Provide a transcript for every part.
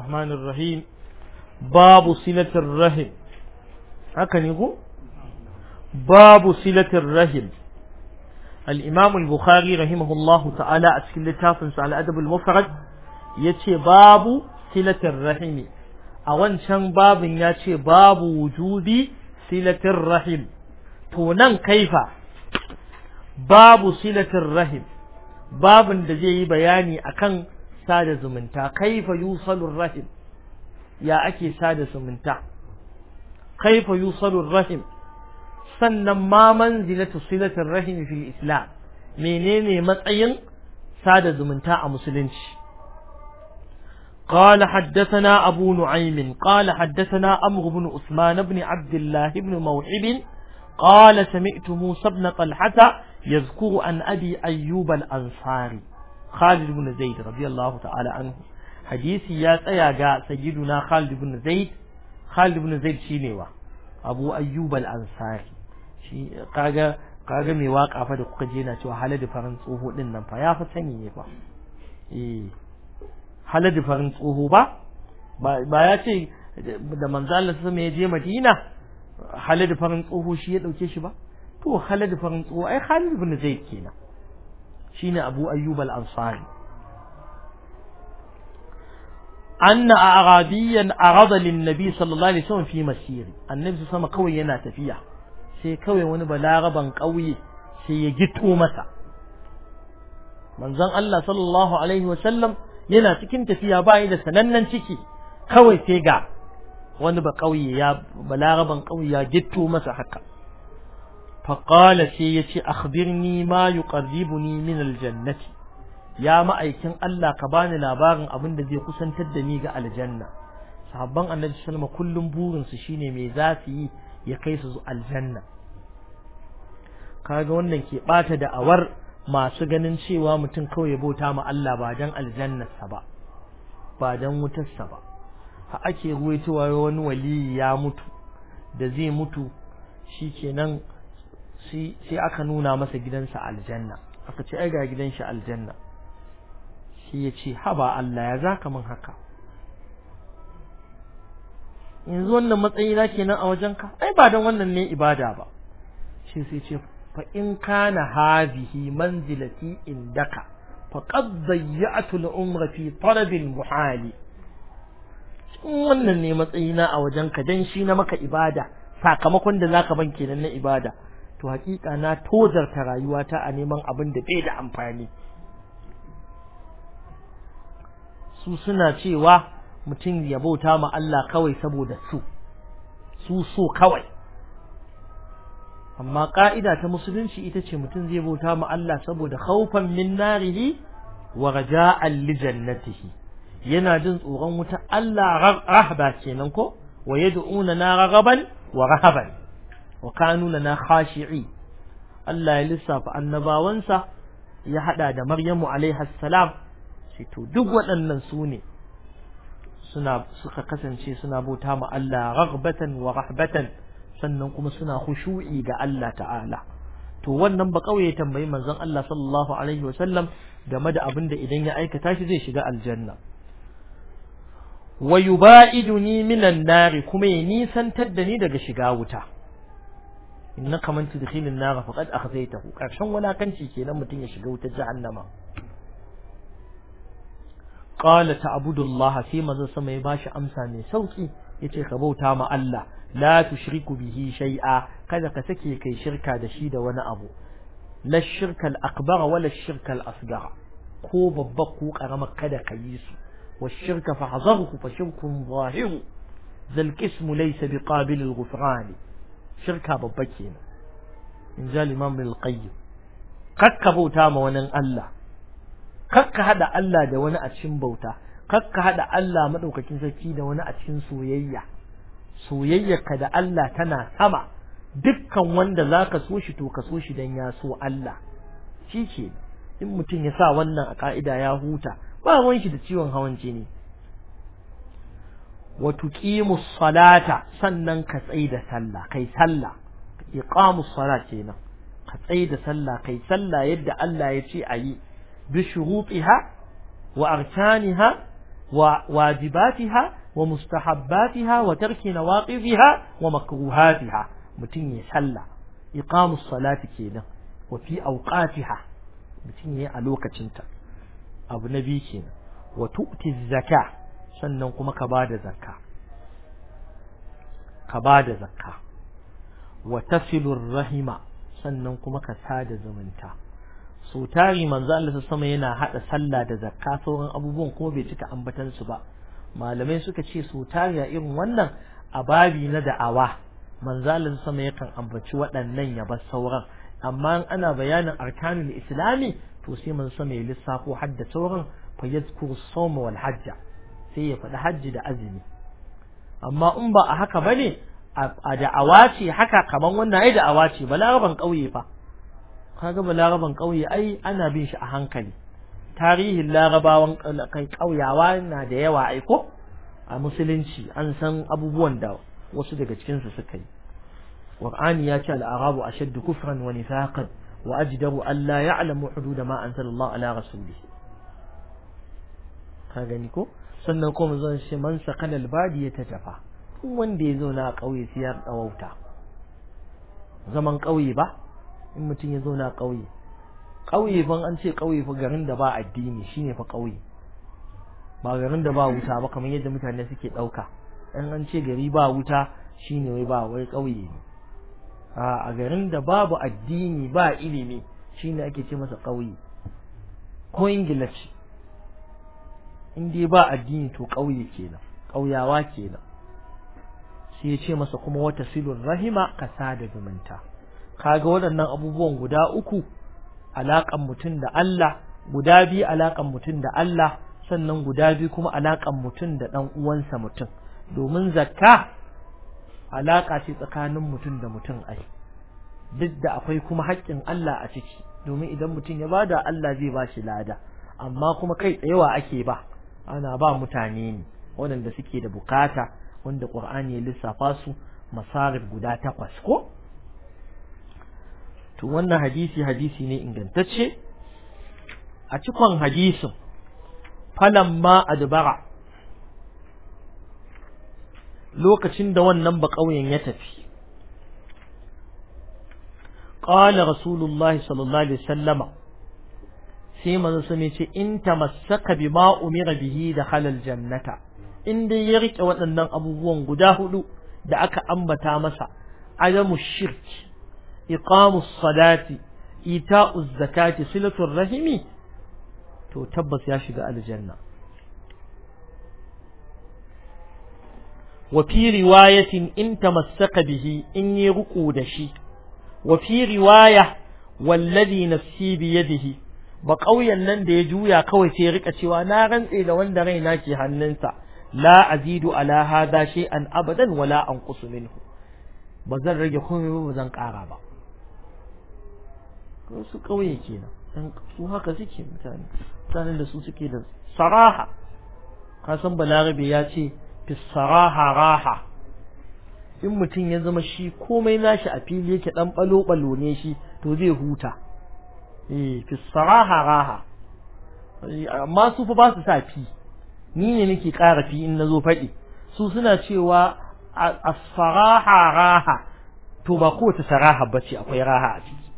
الرحمن الرحيم باب صلة الرحم هكا نقول باب صلة الرحم الإمام البخاري رحمه الله تعالى أسكن لتافنس على أدب المفرد يتي باب صلة الرحم أولا شان باب يتي باب وجود صلة الرحم تونان كيف باب صلة الرحم باب دجي بياني أكن sada zumunta kaifa rahim ya ake sada zumunta kaifa yusalur rahim sannan ma manzilatu silatir rahim fil islam menene matsayin sada zumunta a musulunci قال حدثنا أبو نعيم قال حدثنا أمر بن أثمان بن عبد الله بن موحب قال سمعت موسى بن طلحة يذكر عن أبي أيوب الأنصاري Khalid ibn Zaid radiyallahu ta'ala anhu hadisi ya tsaya ga sayyiduna Khalid ibn Zaid Khalid ibn Zaid shine wa Abu Ayyub al-Ansari shi kaga kaga mai waka fa da kuka je na cewa haladu farin tsoho din nan fa ya fa sani ne fa eh farin tsoho ba ba ya ce da manzo Allah sai ya je Madina halad farin tsoho shi ya dauke shi ba to haladu farin tsoho ai Khalid ibn Zaid kenan shine Abu Ayyub al-Ansari anna arabiyan arada lin nabi sallallahu alaihi wasallam fi masiri annabi sama kawai yana tafiya sai kawai wani balaraban kauye sai ya gito masa manzon Allah sallallahu alaihi wasallam yana cikin tafiya bai da sanannen ciki kawai sai ga wani ba kauye ya balaraban kauye ya gito masa haka فقال سيتي أخبرني ما يقربني من الجنة allah ka bani labarin abin da zai دي قسن تدني على الجنة sahabban annabi sallama kullum su shine me za su yi ya kai su aljanna kaga wannan ke bata da awar masu ganin cewa mutum kawai ya bauta ma Allah ba dan aljannarsa ba ba dan wutarsa ba ha ake ruwaitowa wani waliyi ya mutu da zai mutu shikenan sai aka nuna masa gidansa aljanna aka ce ai ga gidan shi aljanna shi ya ce haba Allah ya zaka min haka yanzu wannan matsayi na kenan a wajenka ai ba dan wannan ne ibada ba shi sai ce fa in kana hazihi manzilati indaka faqad dayya'tu al-umra fi talab al-muhali in wannan ne matsayi na a wajenka dan shi na maka ibada sakamakon da zaka ban kenan na ibada to hakika na tozarta rayuwata a neman abin da bai da amfani su suna cewa mutum ya bauta ma Allah kawai saboda su su so kawai amma ka'ida ta musulunci ita ce mutum zai bauta ma Allah saboda khaufan min narihi wa raja'an li jannatihi yana jin tsoron wuta Allah rahaba kenan ko wa yad'una na ragaban wa rahaban wa kanu lana khashi'i Allah ya lissafa annabawansa ya hada da Maryamu alaiha salam sai to duk waɗannan su ne suna suka kasance suna bauta ma Allah raghbatan wa rahbatan sannan kuma suna khushu'i ga Allah ta'ala to wannan ba kauye tambayi manzon Allah sallallahu alaihi wasallam game da abin da idan ya aikata shi zai shiga aljanna wa yuba'iduni minan nari kuma ya nisantar da ni daga shiga wuta innaka man tudkhil an-nar faqad akhzaytahu karshen walakanci kenan mutun ya shiga wutar jahannama qala ta'budu Allah sai manzon sama ya bashi amsa mai sauki yace ka bauta ma Allah la tushriku bihi shay'a kada ka sake kai shirka da shi da wani abu la shirka al-akbar wala shirka al-asghar ko babba ko karama kada ka yi su wa shirka fa hazarhu fa shirkun zahir zal qismu laysa biqabil al-ghufran shirka babba kenan in ja liman bin al-qayyim kakka bauta ma wani Allah kakka haɗa Allah da wani a cikin bauta kakka haɗa Allah maɗaukacin sarki da wani a cikin soyayya soyayyarka da Allah tana sama dukkan wanda zaka ka so shi to ka so shi don ya so Allah shi ke in mutum ya sa wannan a ka'ida ya huta ba wani shi da ciwon hawan jini وتقيموا الصلاه سنن كتسيد صلاه كاي صلاه اقام الصلاه هنا كتسيد صلاه كاي صلاه يد الله يجي اي بشروطها واركانها وواجباتها ومستحباتها وترك نواقضها ومكروهاتها متي صلاه اقام الصلاه كده وفي اوقاتها متي على وقتها ابو نبي وتؤتي الزكاه sannan kuma ka bada zakka ka bada zakka wa tasilur rahima sannan kuma ka sada zumunta so tari manzo Allah sama yana hada sallah da zakka sauran abubuwan kuma bai cika ambatan su ba malamai suka ce so tari a irin wannan ababi na da'awa manzo Allah sama yakan ambaci waɗannan ya bar sauran amma ana bayanin arkanul islami to sai manzo sama ya lissafo hadda sauran fa yadhkuru sawma wal hajja sai ya faɗi hajji da azumi amma in ba a haka bane a da'awa ce haka kaman wannan ai da'awa ce balaraban ƙauye fa kaga balaraban ƙauye ai ana bin shi a hankali tarihin larabawan kai ƙauyawa na da yawa ai ko a musulunci an san abubuwan da wasu daga cikin su suka yi qur'ani ya ce al-arabu ashaddu kufran wa nifaqan wa ajdaru an la ya'lamu hudud ma anzala ala rasulih ka gani ko sannan kuma zan shi man sakana albadi ya tafa in wanda ya zauna a ƙauye sai ya tsawauta zaman ƙauye ba in mutum ya zauna a ƙauye ƙauye ban an ce ƙauye fa garin da ba addini shine fa ƙauye ba garin da ba wuta ba kamar yadda mutane suke ɗauka in an ce gari ba wuta shine wai ba wai ƙauye ne a garin da babu addini ba ilimi shine ake ce masa ƙauye ko ingilishi in dai ba addini to ƙauye kenan ƙauyawa kenan shi ya ce masa kuma wata silun rahima ka da zumunta Ka ga waɗannan abubuwan guda uku alaƙan mutum da Allah guda biyu alaƙan mutum da Allah sannan guda biyu kuma alaƙan mutum da ɗan uwansa mutum domin zakka alaƙa ce tsakanin mutum da mutum ai duk da akwai kuma haƙƙin Allah a ciki domin idan mutum ya bada Allah zai ba shi lada amma kuma kai tsayawa ake ba ana ba mutane ne waɗanda suke da bukata wanda ƙur'ani ya lissafa su masarar guda takwas ko to wannan hadisi hadisi ne ingantacce a cikon hadisin Falon ma adbara lokacin da wannan ba ƙauyen ya tafi قال رسول الله صلى الله عليه وسلم sai manzo sun ce in tamassaka bima umira bihi da halal jannata in dai ya rike waɗannan abubuwan guda hudu da aka ambata masa adamu shirk iqamus salati ita'uz zakati silatul rahimi to tabbas ya shiga aljanna wa fi riwayatin in tamassaka bihi in yi ruku da shi wa fi riwaya wallazi nafsi biyadihi ba ƙauyen nan da ya juya kawai sai rika cewa na rantse da wanda raina ke hannunsa la azidu ala hadha shay'an abadan wala anqusu minhu ba zan rage komai ba zan ƙara ba su ƙauye kenan dan su haka suke mutane mutanen da su suke da saraha Ka san balarabe ya ce fi saraha raha in mutum ya zama shi komai nashi a fili yake dan balo balo ne shi to zai huta eh fi saraha raha amma su fa ba su sa fi ni ne nake ƙara fi in na zo faɗi su suna cewa as-saraha raha to ba kowace saraha bace akwai raha a ciki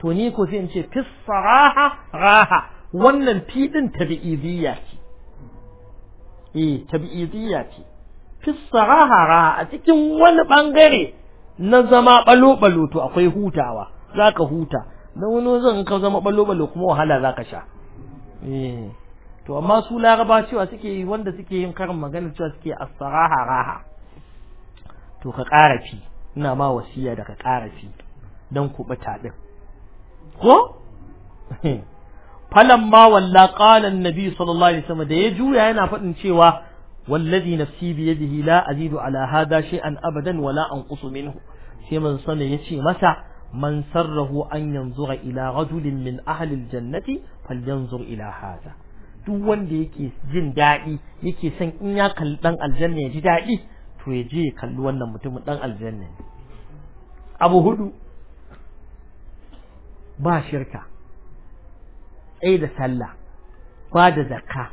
to ni ko sai in ce fi saraha raha wannan fi din tabi'idiyya ce eh tabi'idiyya ce fi saraha raha a cikin wani ɓangare, na zama balo balo to akwai hutawa za ka huta da wani zan ka zama ballo-ballo kuma wahala za ka sha eh, to amma su laraba cewa suke yi wanda suke yin karin magana cewa suke asaraha raha to ka ƙarafi ina ma wasiya da ka ƙarafi don kuɓuta ɗin ko falan ma walla ƙalan nabi sallallahu alaihi wasallam da ya juya yana faɗin cewa wallazi nafsi bi yadihi la azidu ala hadha shay'an abadan wala anqusu minhu sai manzo ya yace masa man sarrahu an yanzura ila rajulin min ahli aljannati falyanzur ila hada duk wanda yake jin daɗi yake son in ya kalli ɗan aljanna ya ji daɗi to ya je ya kalli wannan mutumin ɗan aljanna abu hudu ba shirka tsaye da sallah ba da zakka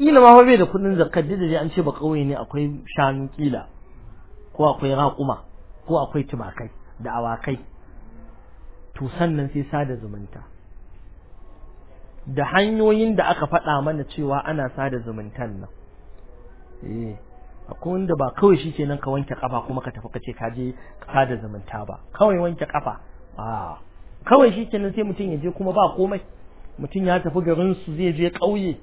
Ina ma bai da kudin zakka duk da an ce ba kauye ne akwai shanu kila ko akwai raƙuma ko akwai tumakai da awakai to sannan sai sada zumunta da hanyoyin da aka faɗa mana cewa ana sada zumuntan nan eh akwai wanda ba kawai shi nan ka wanke kafa kuma ka tafi ka ce ka je sada zumunta ba kawai wanke kafa a kawai shi nan sai mutum ya je kuma ba komai mutum ya tafi garin su zai je ƙauye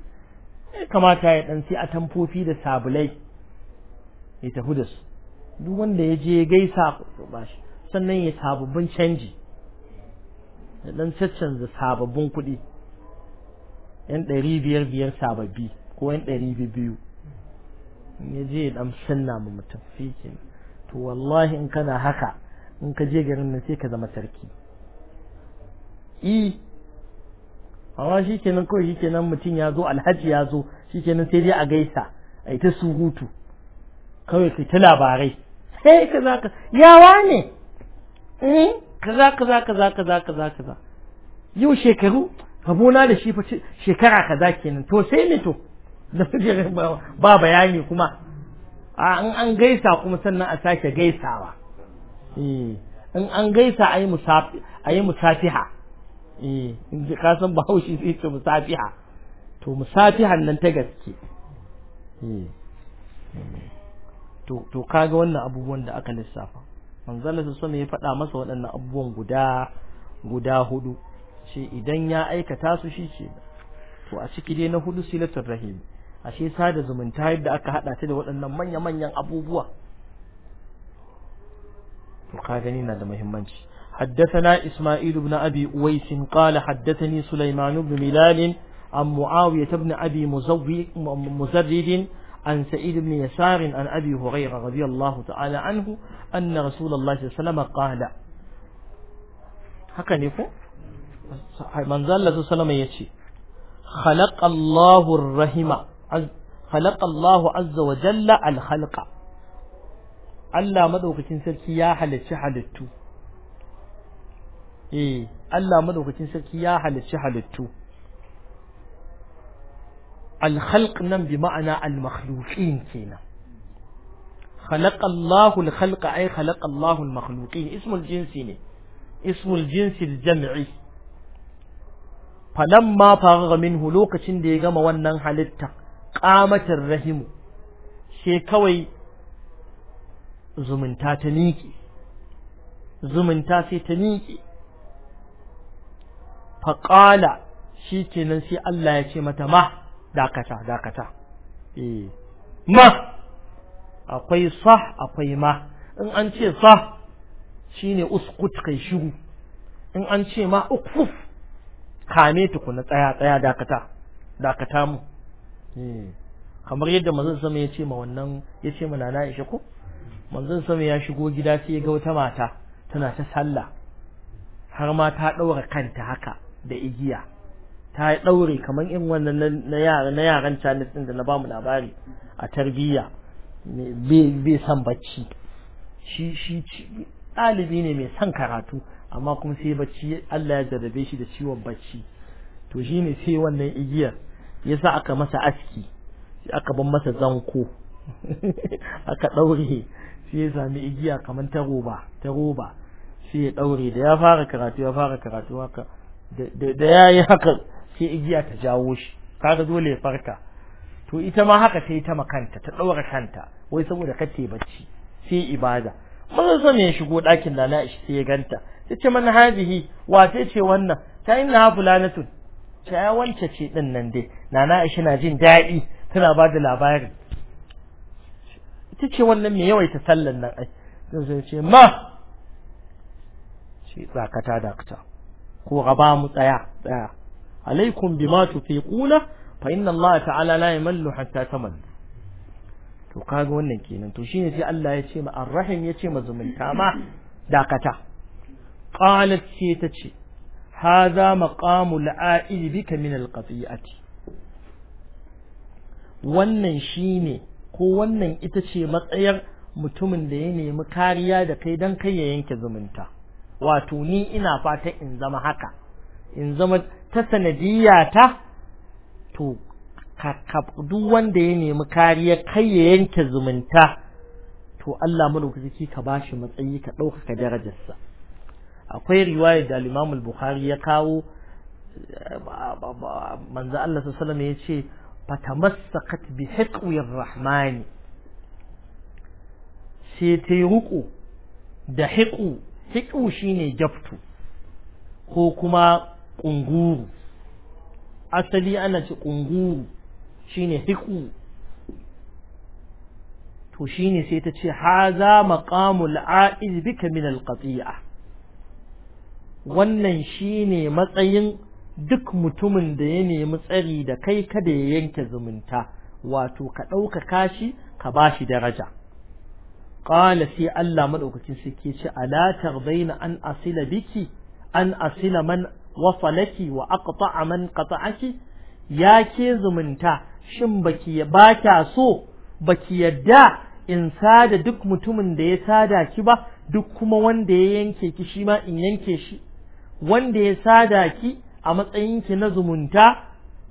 kamata ya dan sai a tamfofi da sabulai ya tafi da su duk wanda ya je gaisa ba shi sannan ya sababbin canji da ɗan caccanza sababbin kuɗi yan ɗari biyar biyar sababbi ko yan ɗari biyu ya je ya ɗan sanna ma mutum shi to wallahi in kana haka in ka je garin nan sai ka zama sarki i amma shi kenan kawai shi kenan mutum ya zo alhaji ya zo shi kenan sai dai a gaisa a yi ta surutu kawai yi ta labarai sai ka za ka yawa ne Eh? kaza kaza kaza kaza kaza kaza yau shekaru rabona da shi fa shekara kaza kenan to sai ne to da ba bayani kuma a in an gaisa kuma sannan a sake gaisawa eh, in an gaisa a yi musafi musafiha eh in ji ka san bahaushe sai ce musafiha to musafihan nan ta gaske eh. to to kaga wannan abubuwan da aka lissafa manzala su ya faɗa masa waɗannan abubuwan guda guda hudu ce idan ya aikata su shi to a ciki dai na hudu silatul rahim ashe sada zumunta yadda aka haɗa ta da waɗannan manya-manyan abubuwa to ka na da muhimmanci حدثنا إسماعيل بن أبي أويس قال حدثني سليمان بن ملال عن معاوية بن أبي مزرد عن سعيد بن يسار عن أبي هريرة رضي الله تعالى عنه أن رسول الله صلى الله عليه وسلم قال haka ne ko manzo Allah sallallahu alaihi yace khalaqa Allahu ar-rahima khalaqa Allahu azza wa Allah madaukakin sarki ya halarci halittu eh Allah madaukakin sarki ya halittu alhalq nan bi ma'ana almakluƙin kenan خلق الله الخلق أي خلق الله المخلوقين اسم الجنس اسم الجنس الجمعي فلما فرغ منه لوكتين دي gama wannan halitta qamatir rahimu she kawai zumunta ta niki zumunta sai ta niki faqala shikenan sai Allah ya ce mata ma dakata dakata eh ma akwai sah akwai ma in an ce sah shine uskut kai shiru in an ce ma ukfuf kame tukuna tsaya tsaya dakata dakata mu eh. kamar yadda manzon sama ya ce ma wannan ya ce ma nana Aisha ko manzon sama ya shigo gida sai ya ga wata mata tana ta sallah har ma ta daura kanta haka da igiya ta yi ɗaure kamar in wannan na yaran canis ɗin da na bamu labari a tarbiyya bai san bacci shi shi ɗalibi ne mai son karatu amma kuma sai bacci Allah ya jarrabe shi da ciwon bacci to shine sai wannan igiyar yasa aka masa aski sai aka ban masa zanko aka ɗaure sai ya sami igiya kamar ta roba ta roba sai ya ɗaure da ya fara karatu ya fara karatu haka da ya yi haka sai igiya ta jawo shi kaga dole ya farka to ita ma haka sai ta makanta ta daura kanta wai saboda kace bacci sai ibada maza so ne shigo dakin da na shi sai ya ganta tace ce man hadihi sai ce wannan ta inna ha fulanatun ta ya wance ce din nan dai nana aisha na jin dadi tana ba da labarin ita wannan me yawaita sallan nan ai sai ce ma shi da dakta ko gaba mu tsaya tsaya alaikum bima tufiquna fa inna Allah ta'ala la yamallu hatta tamal to kaga wannan kenan to shine sai Allah ya ce ma arrahim ya ce ma zumunta ma dakata qalat ce ta ce hadha maqamul a'il bika min alqati'ati wannan shine ko wannan ita ce matsayar mutumin da ya nemi kariya da kai dan kai ya yanke zumunta wato ni ina fata in zama haka in zama ta sanadiyya ta to duk wanda ya nemi kariya kai ya yanke zumunta to Allah madaukaki ka bashi matsayi ka ɗaukaka darajarsa akwai riwaya da imam al-Bukhari ya kawo manzo Allah sallallahu alaihi wasallam ya ce fatamassakat bi hiqwir rahmani sai ta yi ruku da hiƙu hiƙu shine jaftu ko kuma ƙunguru asali ana ce ƙunguru shine hiku to shine sai ta ce haza maqamul a'iz bika min alqati'a wannan shine matsayin duk mutumin da ya nemi tsari da kai kada ya yanke zumunta wato ka ɗauka kashi ka bashi daraja qala sai Allah madaukakin sai ke ce ala tardaina an asila biki an asila man falaki wa aqta'a man qata'aki ya ke zumunta shin baki ba kya so baki yadda in sada duk mutumin da ya sada ki ba duk kuma wanda ya yanke ki shi ma in yanke shi wanda ya sada ki a matsayin ki na zumunta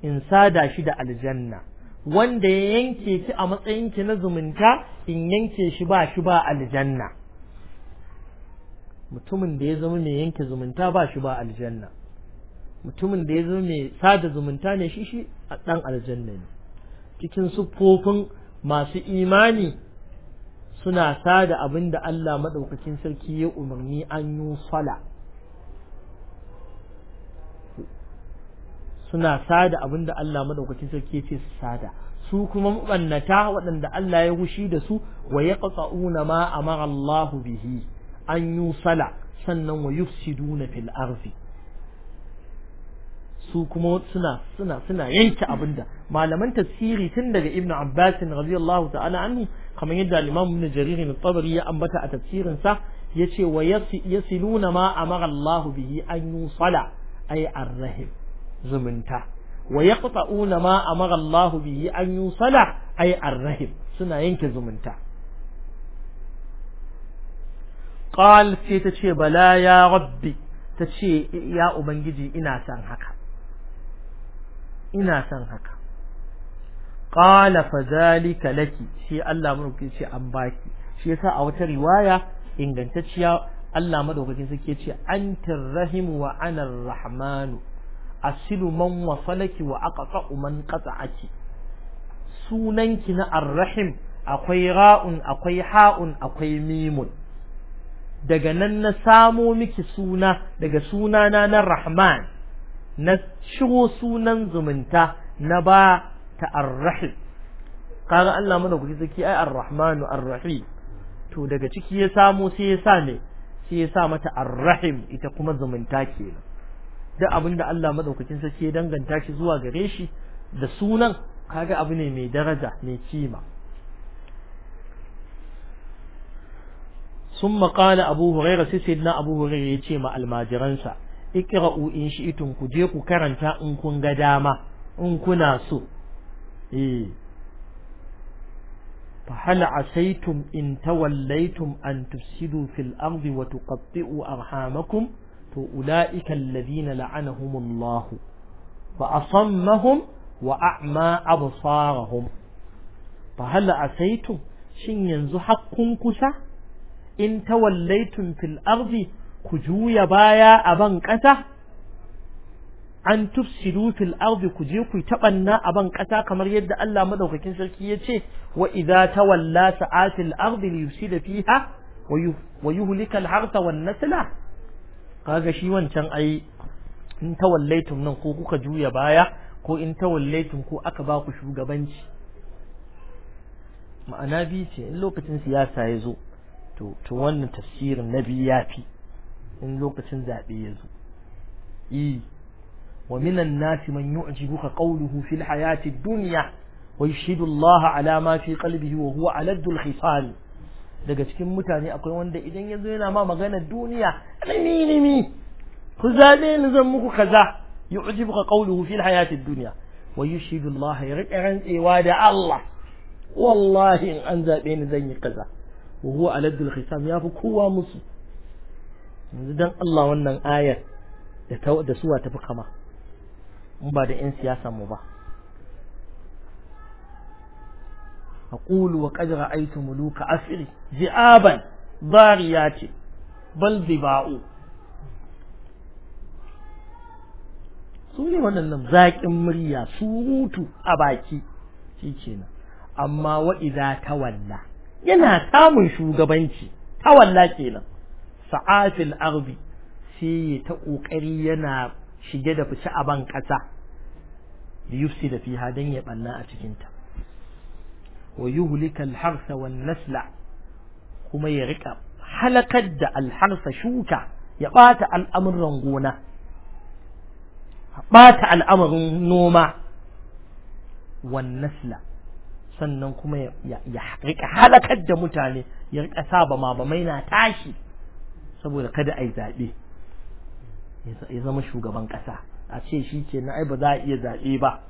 in sada shi da aljanna wanda ya yanke ki a matsayin ki na zumunta in yanke shi ba shi ba aljanna mutumin da ya zama mai yanke zumunta ba shi ba aljanna mutumin da ya zo mai sada zumunta ne shi shi ɗan aljanna ne cikin siffofin masu imani suna sada abin da Allah maɗaukakin sarki ya umarni an yi sala suna sada abin da Allah maɗaukakin sarki ya ce su sada su kuma mubannata waɗanda Allah ya hushi da su wa ya ƙasa'una ma amara Allahu bihi an yi sala sannan wa yufsiduna fil arzi su kuma suna suna suna yanke abinda malaman tafsiri tun daga ibnu abbas radiyallahu ta'ala anhu kamar yadda al-imam ibn jarir al-tabari ya ambata a tafsirin sa yace wa yasiluna ma amara Allah bihi an yusala ay ar-rahim zumunta wa yaqta'una ma amara Allah bihi an yusala ay ar-rahim suna yanke zumunta qal sai tace bala ya rabbi tace ya ubangiji ina san haka ina son haka qala fa zalika laki shi Allah madaukakin ce an baki shi yasa a wata riwaya ingantacciya Allah madaukakin sai ce antir rahim wa ana rahmanu asilu man wasalaki wa aqta'u man qata'aki sunanki na arrahim akwai ra'un akwai ha'un akwai mimun daga nan na samo miki suna daga sunana na rahman na shigo sunan zumunta na ba ta arrahi kaga Allah mana guji zaki ai arrahmanu arrahim to daga ciki ya samu sai ya sa ne sai ya sa mata arrahim ita kuma zumunta kenan duk abinda Allah madaukakin sarki ya danganta shi zuwa gare shi da sunan kaga abu ne mai daraja mai kima ثم قال أبو هريرة سيدنا ya ce ma almajiransa. iqra'u in shi'tum ku je ku karanta in kun ga dama in kuna so eh fa hal asaytum in tawallaitum an tufsidu fil ardi wa tuqatti'u arhamakum to ulaika alladhina la'anahumullah fa asammahum wa a'ma absarahum fa hal asaytum shin yanzu hakkun kusa in tawallaitum fil ardi ku juya baya a ban ƙasa an tufsidu fil ardi ku je ku taɓanna a ban ƙasa kamar yadda Allah madaukakin sarki ya ce wa idza tawalla sa'atil ardi yufsida fiha wa yi al harta wan nasla kaga shi wancan ai in wallaitun nan ko kuka juya baya ko in wallaitun ko aka ba ku shugabanci ma'ana biyu ce in lokacin siyasa ya zo to wannan tafsirin na biyu ya fi in lokacin zabe yazo zo i wa minan nasi man yu'jibuka qawluhu fil hayati dunya wa yashhidu Allah ala ma fi qalbihi wa huwa aladul khisal daga cikin mutane akwai wanda idan yazo yana ma magana dunya ni ni nimi ku zabe ni zan muku kaza yu'jibuka qawluhu fil hayati dunya wa yashhidu Allah ya rika da Allah wallahi an zabe ni zan yi kaza وهو huwa aladul khisam yafi kowa musu yanzu dan Allah wannan ayar da ta da suwa tafi kama in ba da yan siyasa mu ba aqulu wa qad ra'aytu muluka asri zi'aban dariyati bal diba'u su ne waɗannan zaƙin murya surutu a baki shi kenan amma wa'iza tawalla yana samun shugabanci tawalla kenan sa'afil arbi sai ta kokari yana shige da fice a ban kasa li yufsida fiha dan ya banna a cikin ta wa yuhlika al-harsa wan nasla kuma ya rika halakar da al-harsa shuka ya bata al'amuran gona bata al'amarin noma wan nasla sannan kuma ya rika halakar da mutane ya rika sa ba ma ba mai na tashi saboda kada a yi zaɓe ya zama shugaban ƙasa a ce shi ce na ba za a iya zaɓe ba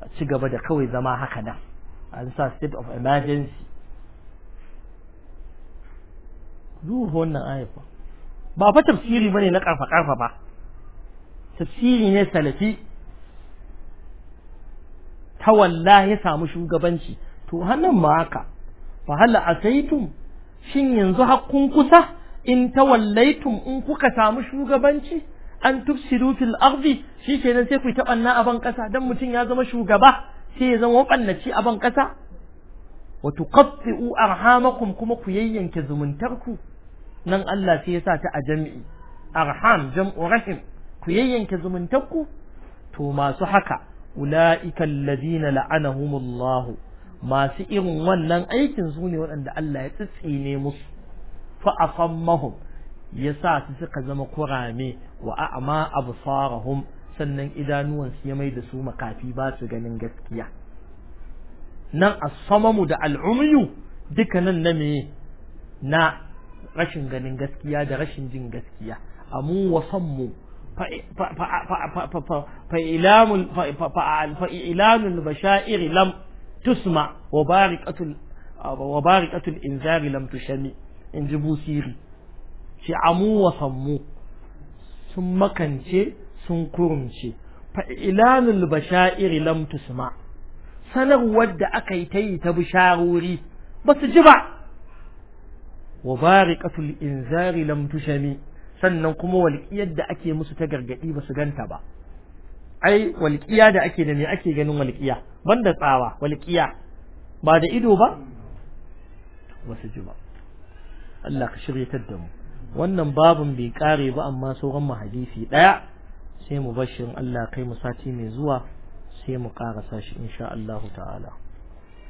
a ci gaba da kawai zama haka nan an sa state of emergency zuwa wannan ayyafa ba fa tafsiri ba ne na karfa karfa ba tafsiri ne salafi ta wallahi ya samu shugabanci to hannun ma haka fa a asaitum shin yanzu hakkun kusa in tawallaitum in kuka samu shugabanci an tufsidu fil ardi shikenan sai ku ta na a kasa dan mutun ya zama shugaba sai ya zama bannaci a kasa wa tuqatti'u arhamakum kuma ku yayyanke zumuntarku nan Allah sai ya sa ta a jami'i arham jam'u rahim ku yayyanke zumuntarku to masu haka ulaika alladhina la'anahumullahu masu irin wannan aikin su ne waɗanda Allah ya tsitsine musu fa ya sa su suka zama kurame wa a'ma absarahum sannan idanuwan su ya mai da su makafi ba su ganin gaskiya nan as mu da al duka nan na me na rashin ganin gaskiya da rashin jin gaskiya amu wa sammu فإعلام in ji busiri ce amu wa sammu sun makance sun kurumce fa ilanul bashairi lam tusma sanar wadda aka yi ta yi ta bisharori ba su ji ba wa bariqatul inzari lam tushami sannan kuma walƙiyar da ake musu ta gargadi ba su ganta ba ai walƙiya da ake da me ake ganin walƙiya banda tsawa walƙiya ba da ido ba ba su ji ba Allah ka shiryatar da mu wannan babun bai kare ba amma sauran mu hadisi daya sai mu bashin Allah kai mu sati mai zuwa sai mu karasa shi insha Allah ta'ala